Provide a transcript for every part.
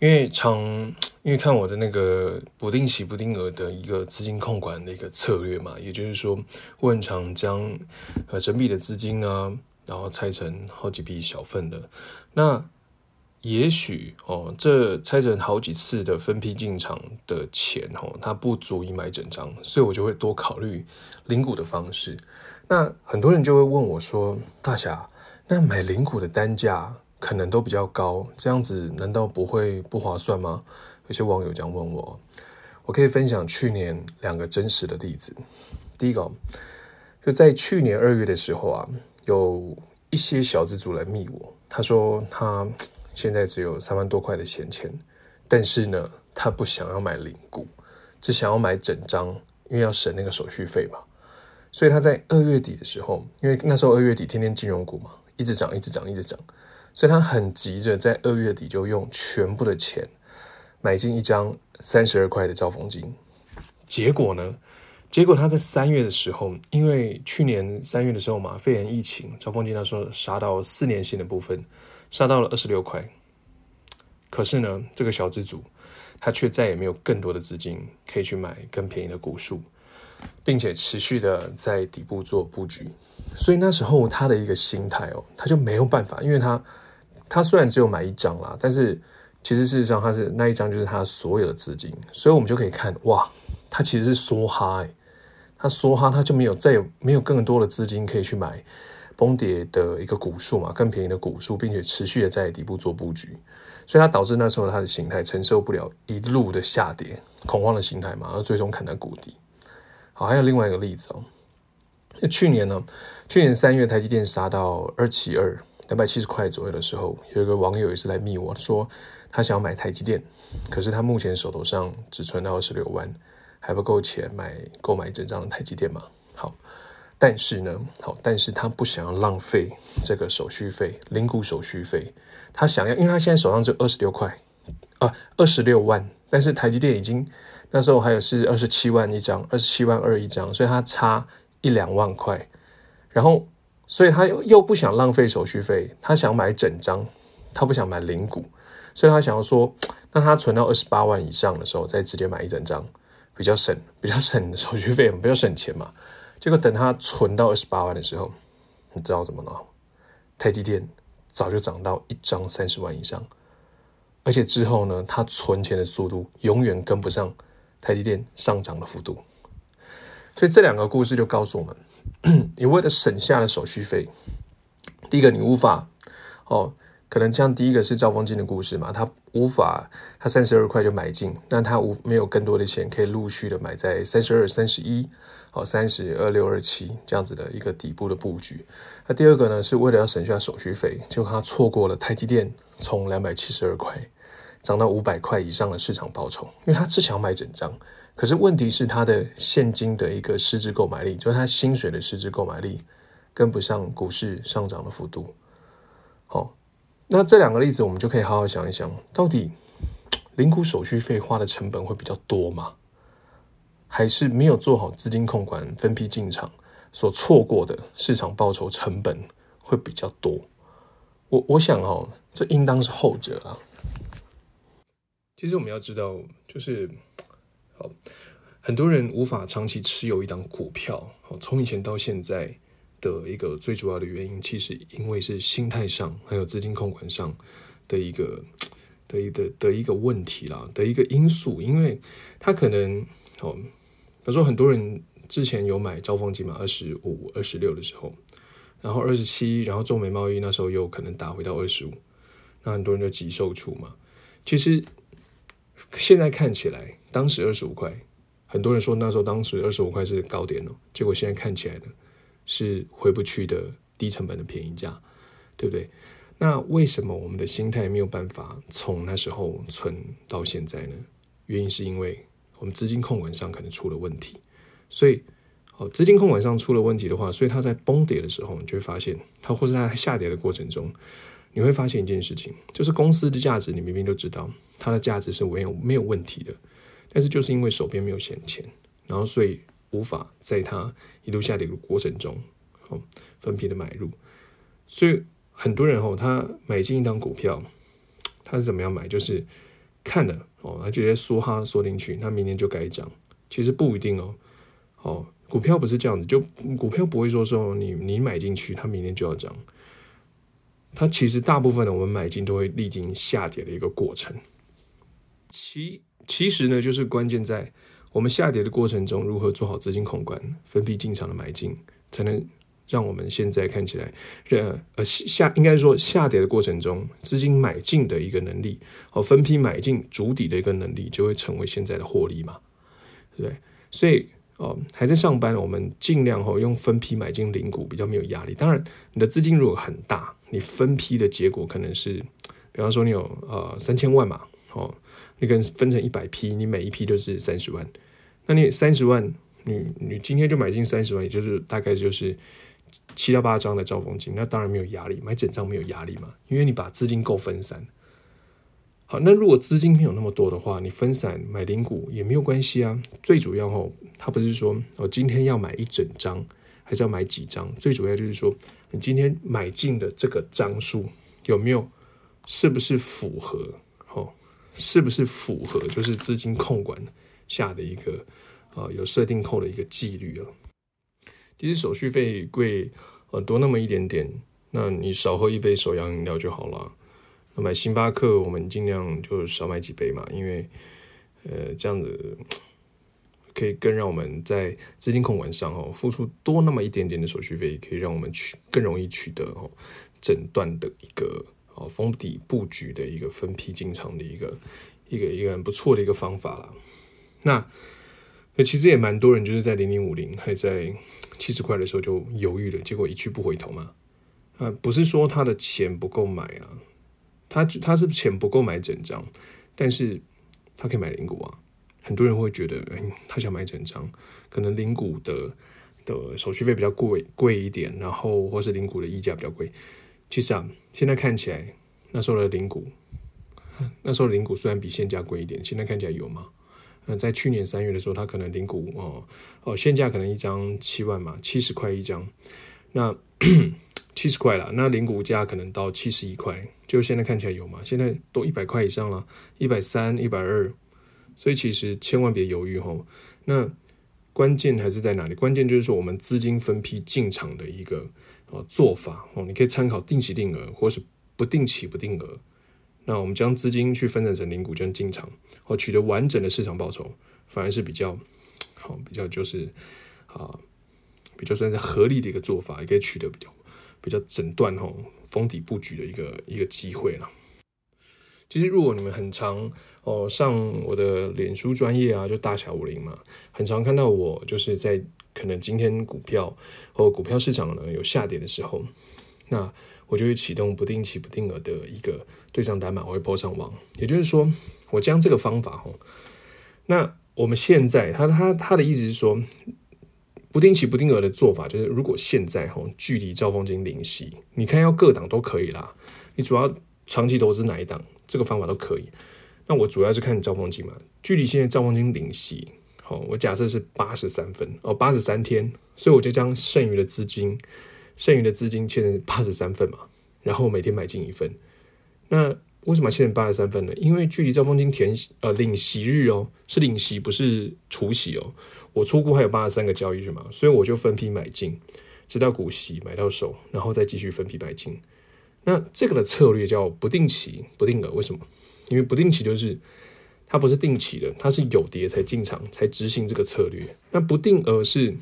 因為常，因為看我的那個不定期不定額的一個資金控管的一個策略嘛，也就是說，問常將呃整筆的資金呢、啊，然後拆成好幾筆小份的，那也許哦，這拆成好幾次的分批進場的錢哦，它不足以買整張，所以我就會多考慮零股的方式。那很多人就會問我說，大俠，那買零股的單價，可能都比較高，這樣子難道不會不划算嗎？有些網友這樣問我。我可以分享去年兩個真實的例子。第一個、哦、就在去年二月的時候啊，有一些小資族來密我，他說他現在只有三萬多塊的閒錢，但是呢，他不想要買零股，只想要買整張，因為要省那個手續費嘛。所以他在二月底的時候，因為那時候二月底天天金融股嘛，一直漲，一直漲，一直漲。所以他很急着在二月底就用全部的錢買進一張三十二塊的兆豐金，結果呢？結果他在三月的時候，因為去年三月的時候嘛，肺炎疫情，兆豐金他說殺到四年線的部分，殺到了二十六塊。可是呢，這個小資族他卻再也沒有更多的資金可以去買更便宜的股數，並且持續的在底部做布局。所以那時候他的一個心態哦，他就沒有辦法，因為他。他雖然只有買一張啦，但是其實事實上他是那一張就是他所有的資金，所以我們就可以看哇，他其實是梭哈誒、欸、他梭哈，他就沒有再沒有更多的資金可以去買崩跌的一個股數嘛，更便宜的股數，並且持續的在底部做佈局，所以他導致那時候他的心態承受不了一路的下跌，恐慌的心態嘛，然後最終砍在谷底。好，還有另外一個例子哦、喔，去年呢、喔，去年三月台積電殺到二七二，兩百七十塊左右的時候，有一個網友也是來密我說，他想要買台積電，可是他目前手頭上只存到二十六萬，還不夠錢買購買一整張的台積電嘛。好，但是呢，好，但是他不想要浪費這個手續費，零股手續費，他想要，因為他現在手上只有二十六塊，啊二十六萬，但是台積電已經那時候還有是二十七萬一張，二十七萬二一張，所以他差一兩萬塊，然後。所以他又又不想浪費手續費，他想買整張，他不想買零股，所以他想要說，那他存到二十八萬以上的時候，再直接買一整張，比較省，比較省手續費，比較省錢嘛。結果等他存到二十八萬的時候，你知道怎麼了？台積電早就漲到一張三十萬以上，而且之後呢，他存錢的速度永遠跟不上台積電上漲的幅度。所以這兩個故事就告訴我們。 你為了省下了手續費，第一個你無法哦，可能這樣，第一個是兆豐金的故事嘛，他無法，他三十二塊就買進，那他無沒有更多的錢可以陸續的買在三十二、三十一，三十二六二七這樣子的一個底部的佈局。那第二個呢，是為了要省下手續費，結果他錯過了台積電從兩百七十二塊漲到五百塊以上的市場報酬，因為他只想要買整張。可是問題是，他的現金的一個實質購買力，就是他薪水的實質購買力，跟不上股市上漲的幅度。好，那這兩個例子，我們就可以好好想一想，到底零股手續費花的成本會比較多嗎？還是沒有做好資金控管、分批進場所錯過的市場報酬成本會比較多？我我想、哦、這應當是後者啊。其實我們要知道，就是。好，很多人無法長期持有一檔股票，從以前到現在的一個最主要的原因，其實因為是心態上，還有資金控管上的一個的、的、的、的一個問題啦，的一個因素，因為他可能，哦他說很多人之前有買兆豐金嘛，二十五、二十六的時候，然後二十七，然後中美貿易那時候又有可能打回到二十五，那很多人就急售出嘛。其實現在看起來。當時二十五塊，很多人說那時候當時二十五塊是高點哦，結果現在看起來呢是回不去的低成本的便宜價，對不對？那為什麼我們的心態沒有辦法從那時候存到現在呢？原因是因為我們資金控管上可能出了問題，所以哦，資金控管上出了問題的話，所以它在崩跌的時候，你就會發現它，或是在下跌的過程中，你會發現一件事情，就是公司的價值，你明明都知道它的價值是沒有沒有問題的，但是就是因為手邊沒有閒錢，然後所以無法在它一路下跌的過程中，哦，分批的買入。所以很多人哦，他買進一張股票，他是怎麼樣買？就是看了哦，然後直接梭哈梭進去，他明天就該漲。其實不一定哦。哦，股票不是這樣子，就股票不會說說你你買進去，它明天就要漲。它其實大部分的我們買進都會歷經下跌的一個過程。其其實呢，就是關鍵在我們下跌的過程中，如何做好資金控管，分批進場的買進，才能讓我們現在看起來，呃下，應該說下跌的過程中，資金買進的一個能力，和、哦、分批買進築底的一個能力，就會成為現在的獲利嘛，對不對？所以哦，還在上班，我們盡量哦用分批買進零股，比較沒有壓力。當然，你的資金如果很大，你分批的結果可能是，比方說你有呃三千萬嘛。好、哦，你跟分成一百批，你每一批都是三十萬，那你三十萬，你你今天就買進三十萬，也就是大概就是七到八張的兆豐金，那當然沒有壓力，買整張沒有壓力嘛，因為你把資金夠分散。好，那如果資金沒有那麼多的話，你分散買零股也沒有關係啊。最主要哦，他不是說我今天要買一整張，還是要買幾張，最主要就是說你今天買進的這個張數有沒有，是不是符合？是不是符合就是資金控管下的一個啊、呃、有設定扣的一個紀律了、啊？其實手續費貴呃多那麼一點點，那你少喝一杯手搖飲料就好了。那買星巴克，我們盡量就少買幾杯嘛，因為呃這樣子可以更讓我們在資金控管上哦付出多那麼一點點的手續費，可以讓我們取更容易取得哦整張的一個。封底布局的一個分批進場的一個一個一個很不錯的一個方法了。那那其實也蠻多人就是在零零五零還在七十塊的時候就猶豫了，結果一去不回頭嘛。啊、呃，不是說他的錢不夠買啊，他他是錢不夠買整張，但是他可以買零股啊。很多人會覺得，哎、欸，他想買整張，可能零股的的手續費比較貴貴一點，然後或是零股的溢價比較貴。其實啊，現在看起來那時候的零股，那時候零股雖然比現價貴一點，現在看起來有嗎？嗯，在去年三月的時候，它可能零股哦哦，現價可能一張七萬嘛，七十塊一張，那七十塊了，那零股價可能到七十一塊，就現在看起來有嗎？現在都一百塊以上了，一百三、一百二，所以其實千萬別猶豫吼。那關鍵還是在哪裡？關鍵就是說我們資金分批進場的一個做法哦，你可以參考定期定額或是不定期不定額。那我們將資金去分散成，成零股，這樣進場哦，取得完整的市場報酬，反而是比較好，比較就是啊，比較算是合理的一個做法，也可以取得比較比較整段吼封底布局的一個一個機會了。其實如果你們很常哦上我的臉書專業啊，就大俠武林嘛，很常看到我就是在。可能今天股票或、哦、股票市場呢有下跌的時候，那我就會啟動不定期不定額的一個對賬單嘛。我會 PO 上網。也就是說，我將這個方法哈，那我們現在他他他的意思是說，不定期不定額的做法就是，如果現在距離兆豐金領息，你看要各檔都可以啦，你主要長期投資哪一檔，這個方法都可以。那我主要是看你兆豐金嘛，距離現在兆豐金領息，哦，我假設是八十三份哦，八十三天，所以我就將剩餘的資金，剩餘的資金切成八十三份嘛，然後每天買進一份。那為什麼切成八十三份呢？因為距離兆豐金填呃領息日哦，是領息不是除息哦，我出庫還有八十三個交易日嘛，所以我就分批買進，直到股息買到手，然後再繼續分批買進。那這個的策略叫不定期不定額，為什麼？因為不定期就是。它不是定期的，它是有跌才進場才執行這個策略。那不定額是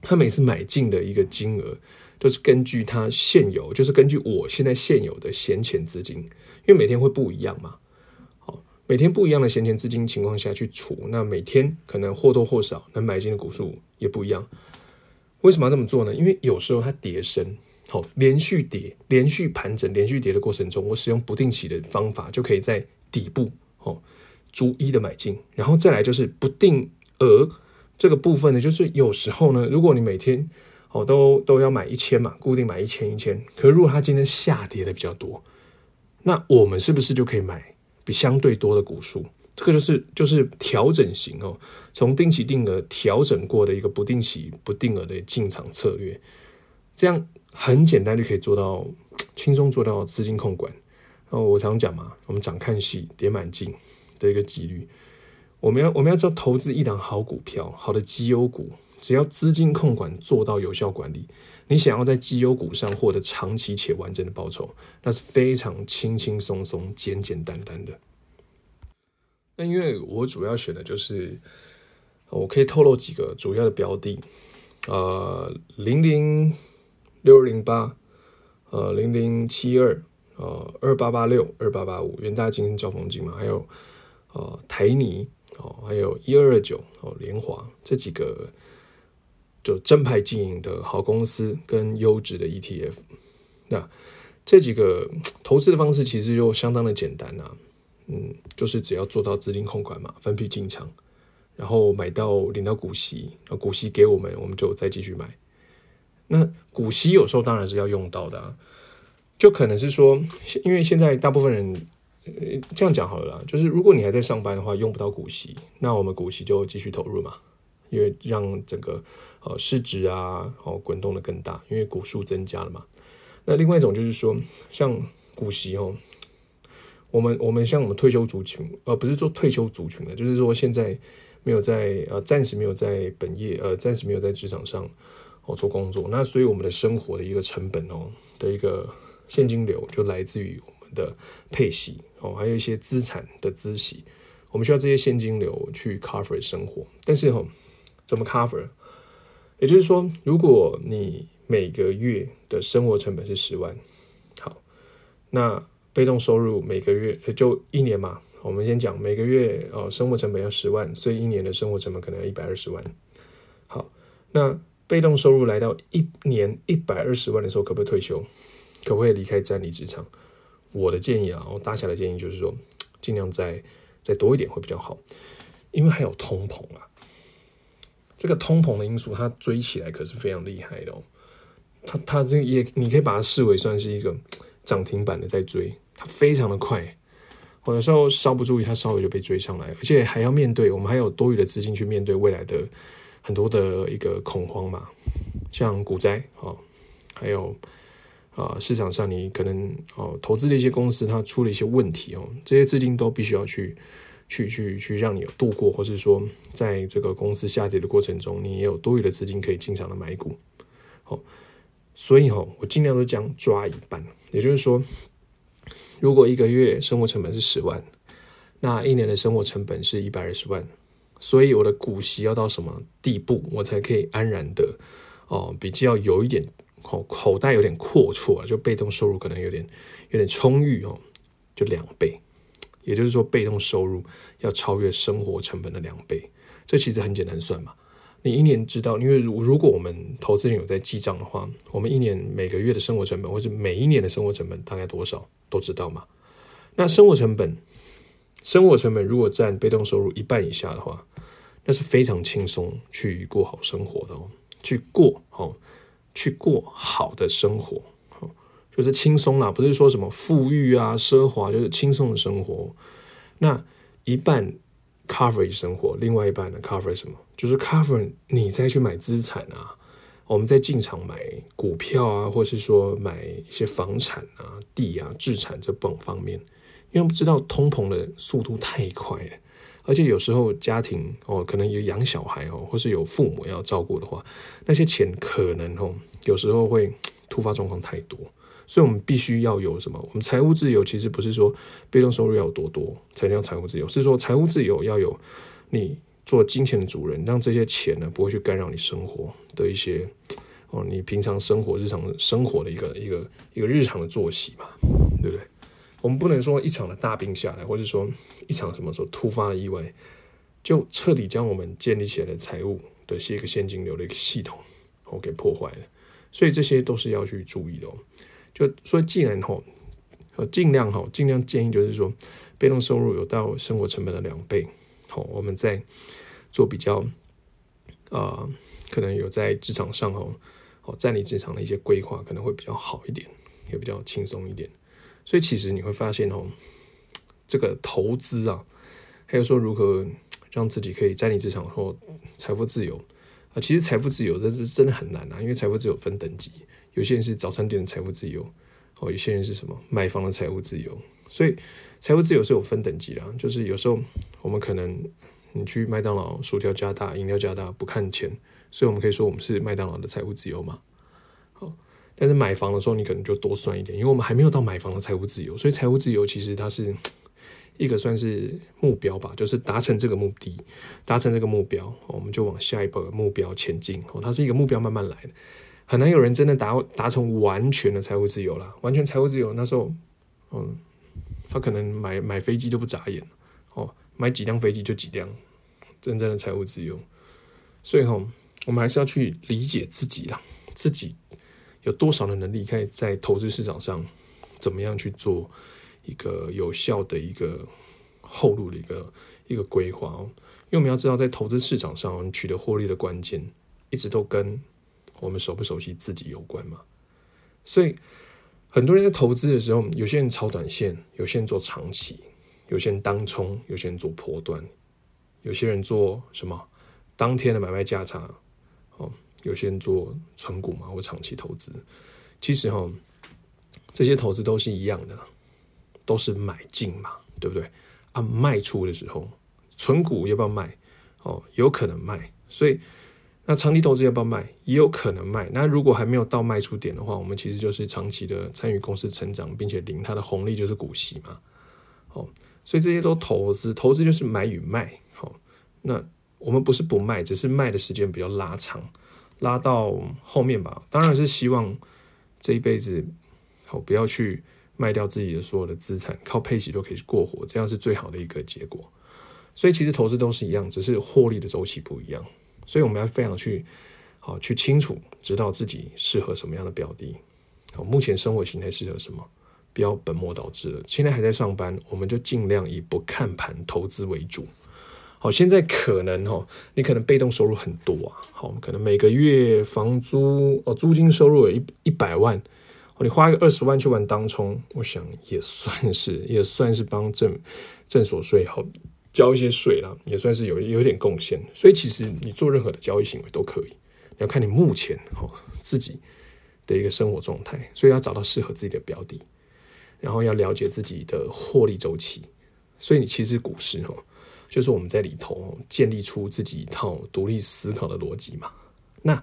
它每次買進的一個金額，都、就是根據它現有，就是根據我現在現有的閒錢資金，因為每天會不一樣嘛。好，每天不一樣的閒錢資金情況下去除，那每天可能或多或少能買進的股數也不一樣。為什麼要這麼做呢？因為有時候它跌升，好，連續跌、連續盤整、連續跌的過程中，我使用不定期的方法，就可以在底部，好。逐一的買進，然後再來就是不定額這個部分呢，就是有時候呢，如果你每天哦都都要買一千嘛，固定買一千一千，可是如果它今天下跌的比較多，那我們是不是就可以買比相對多的股數？這個就是就是調整型哦、喔，從定期定額調整過的一個不定期不定額的進場策略，這樣很簡單就可以做到輕鬆做到資金控管。哦，我常講嘛，我們漲看戲，跌滿進。的一個幾率，我們要我們要知道投資一檔好股票，好的績優股，只要資金控管做到有效管理，你想要在績優股上獲得長期且完整的報酬，那是非常輕輕鬆鬆、簡簡單單的。那因為我主要選的就是，我可以透露幾個主要的標的，呃，零零六二零八，呃，零零七二，呃，二八八六、二八八五，元大金、兆豐金嘛，還有。呃、哦，台泥哦，還有一二二九哦，聯華，這幾個就正派經營的好公司跟優質的 ETF，那這幾個投資的方式其實就相當的簡單吶、啊，嗯，就是只要做到資金控管嘛，分批進場，然後買到領到股息，股息給我們，我們就再繼續買。那股息有時候當然是要用到的、啊，就可能是說，因為現在大部分人。這樣講好了啦，就是如果你還在上班的話，用不到股息，那我們股息就繼續投入嘛，因為讓整個呃市值啊，哦滾動的更大，因為股數增加了嘛。那另外一種就是說，像股息哦，我們我們像我們退休族群，呃不是做退休族群的，就是說現在沒有在呃暫時沒有在本業，呃暫時沒有在職場上哦做工作，那所以我們的生活的一個成本哦的一個現金流就來自於。的配息哦，還有一些資產的資息，我們需要這些現金流去 cover 生活。但是哦，怎麼 cover？也就是說，如果你每個月的生活成本是十萬，好，那被動收入每個月就一年嘛，我們先講每個月哦，生活成本要十萬，所以一年的生活成本可能要一百二十萬。好，那被動收入來到一年一百二十萬的時候，可不可以退休？可不可以離開戰理職場？我的建議啊，我大俠的建議就是說，盡量再再多一點會比較好，因為還有通膨啊，這個通膨的因素它追起來可是非常厲害的哦。它它這個也你可以把它視為算是一個漲停板的在追，它非常的快，我有時候稍不注意它稍微就被追上來了，而且還要面對，我們還有多餘的資金去面對未來的很多的一個恐慌嘛，像股災哦，還有。啊，市場上你可能哦投資的一些公司，它出了一些問題哦，這些資金都必須要去去去去讓你有度過，或是說在這個公司下跌的過程中，你也有多餘的資金可以經常的買股，哦，所以哈，我儘量都這樣抓一半，也就是說，如果一個月生活成本是十萬，那一年的生活成本是一百二十萬，所以我的股息要到什麼地步，我才可以安然的哦，比較有一點。口袋有點闊綽，就被動收入可能有點有點充裕哦，就兩倍，也就是說被動收入要超越生活成本的兩倍。這其實很簡單算嘛，你一年知道，因為如果我們投資人有在記賬的話，我們一年每個月的生活成本，或是每一年的生活成本大概多少都知道嘛。那生活成本，生活成本如果占被動收入一半以下的話，那是非常輕鬆去過好生活的哦，去過哦。去過好的生活，就是輕鬆啦，不是說什麼富裕啊、奢華，就是輕鬆的生活。那一半 cover 生活，另外一半呢 cover 什麼？就是 cover 你再去買資產啊，我們在進場買股票啊，或是說買一些房產啊、地啊、置產這方方面，因為我們知道通膨的速度太快了。而且有時候家庭哦，可能有養小孩哦，或是有父母要照顧的話，那些錢可能哦，有時候會突發狀況太多，所以我們必須要有什麼？我們財務自由其實不是說被動收入要有多多才叫財務自由，是說財務自由要有你做金錢的主人，讓這些錢呢不會去干擾你生活的一些哦，你平常生活日常生活的一個一個一個日常的作息嘛，對不對？我們不能說一場的大病下來，或者說一場什麼時候突發的意外，就徹底將我們建立起來的財務的這個現金流的一個系統哦、喔、給破壞了。所以這些都是要去注意的哦、喔。就，所以既然哈，呃、喔，盡量哈，盡、喔、量建議就是說，被動收入有到生活成本的兩倍，好、喔，我們再做比較，啊、呃，可能有在職場上哦，哦、喔，在你職場的一些規劃可能會比較好一點，也比較輕鬆一點。所以其實你會發現哦，這個投資啊，還有說如何讓自己可以在你職場或財富自由啊，其實財富自由這是真的很難啊，因為財富自由分等級，有些人是早餐店的財富自由，哦，有些人是什麼買房的財富自由，所以財富自由是有分等級的啊，就是有時候我們可能你去麥當勞薯條加大飲料加大不看錢，所以我們可以說我們是麥當勞的財富自由嘛，好。但是買房的時候，你可能就多算一點，因為我們還沒有到買房的財務自由，所以財務自由其實它是一個算是目標吧，就是達成這個目的，達成這個目標，我們就往下一步的目標前進哦。它是一個目標慢慢來的，很難有人真的達達成完全的財務自由啦。完全財務自由那時候，嗯，他可能買買飛機就不眨眼哦，嗯，買幾輛飛機就幾輛，真正的財務自由。所以吼，我們還是要去理解自己啦，自己。有多少的能力，可以在投資市場上怎麼樣去做一個有效的一個後路的一個一個規劃哦？因為我們要知道，在投資市場上，取得獲利的關鍵一直都跟我們熟不熟悉自己有關嘛。所以，很多人在投資的時候，有些人炒短線，有些人做長期，有些人當沖，有些人做波段，有些人做什麼當天的買賣價差哦。有些人做存股嘛，或長期投資，其實哈，這些投資都是一樣的，都是買進嘛，對不對？啊，賣出的時候，存股要不要賣？哦，有可能賣，所以那長期投資要不要賣？也有可能賣。那如果還沒有到賣出點的話，我們其實就是長期的參與公司成長，並且領它的紅利，就是股息嘛。哦，所以這些都投資，投資就是買與賣。好、哦，那我們不是不賣，只是賣的時間比較拉長。拉到後面吧，當然是希望這一輩子好不要去賣掉自己的所有的資產，靠配息就可以過活，這樣是最好的一個結果。所以其實投資都是一樣，只是獲利的週期不一樣。所以我們要非常去好去清楚，知道自己適合什麼樣的標的。好，目前生活形態適合什麼？不要本末倒置了。現在還在上班，我們就盡量以不看盤投資為主。哦，現在可能哈，你可能被動收入很多啊。好，可能每個月房租哦，租金收入有一一百萬，你花個二十萬去玩當沖，我想也算是也算是幫證證所稅好交一些稅啦，也算是有有一點貢獻。所以其實你做任何的交易行為都可以，要看你目前哦自己的一個生活狀態，所以要找到適合自己的標的，然後要了解自己的獲利周期。所以你其實股市哈。就是我們在裡頭建立出自己一套獨立思考的邏輯嘛。那，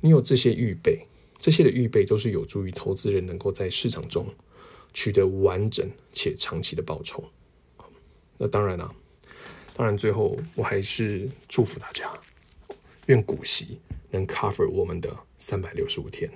你有這些預備，這些的預備都是有助於投資人能夠在市場中取得完整且長期的報酬。那當然啦、啊，當然最後我還是祝福大家，願股息能 cover 我們的三百六十五天。